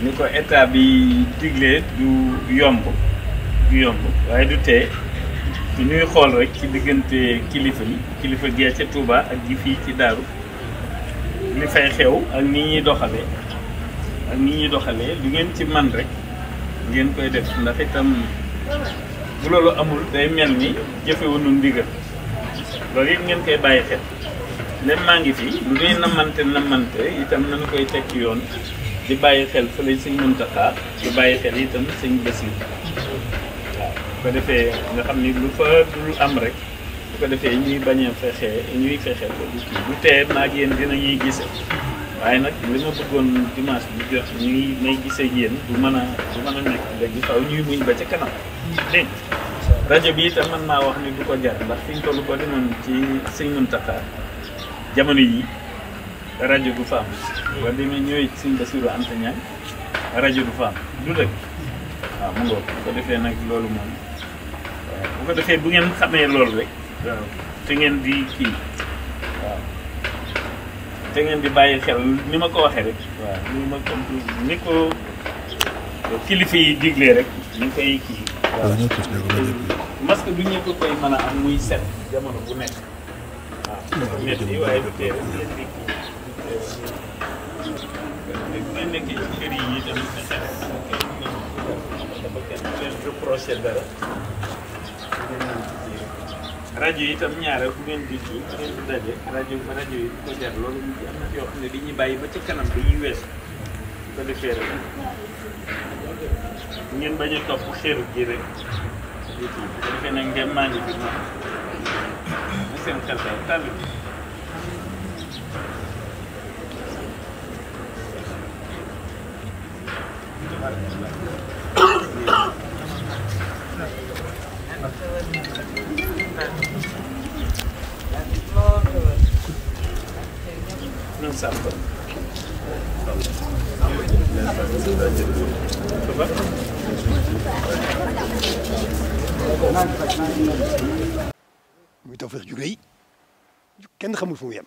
ni ko état bi diglee du yomb du yomb waaye du tee du ñuy xool rek ci diggante kilifa yi kilifa gee ca Touba ak ji fii ci Daaru li fay xew ak ni ñuy doxalee ak ni ñuy doxale lu ngeen ci man rek ngeen koy def ndax itam bu loolu amul day mel ni jëfewunu ndigal loolu it ngeen koy bàyyi xel ndem maa ngi fii lu ñuy namante namante itam nañu koy teg ci yoon di bàyyi xel fële sëñ Muntaxa di bàyyi xel itam sëñ Basiir waaw bu ko defee nga xam ni lu fa dul am rek bu ko defee ñuy bañ a fexe ñuy fexe ko du kii bu tee maag yéen dinañuy gise waaye nag li ma bëggoon dimanche bi jot ñuy may gise yéen du mën a du mën a nekk léegi faw ñuy muñ ba ci kanam dégg rajo bi itam mën naa wax ni du ko jar ndax fi ñu toll ko demoon ci sëñ Muntaxa jamono yi rajo du fa am ba demee ñëwee ci suñ Basiru Anta rajo du fa am du dëkk waaw mu ngoog bu ko defee nag loolu moom bu ko defee bu ngeen xamee loolu rek waaw te ngeen di kii waaw te ngeen di bàyyi xel ni ma ko waxee rek waaw ni ma ko ni ko kilifa yi diglee rek ñu koy kii waaw euh, masque du ñëpp koy mën a am muy set jamono bu nekk waaw net waaye du tee ngeen di kii bu nekkee ci kër yi yi tamit dafa kenn reproché dara rajo yi itam ñaare bu ngeen di kii bu ngeen di daje rajo ba rajo yi ko jar loolu ñu am na yoo xam ne bi ñuy bàyyi ba ci kanam dañuy weesu bu ko defee rek ngeen bañ a topp xeeru ji rek bu ko defee nag ngeen maa ngi bi moom bu seen xel day tàll bi muy Tawfekh ju rëy kenn xamul fu mu yem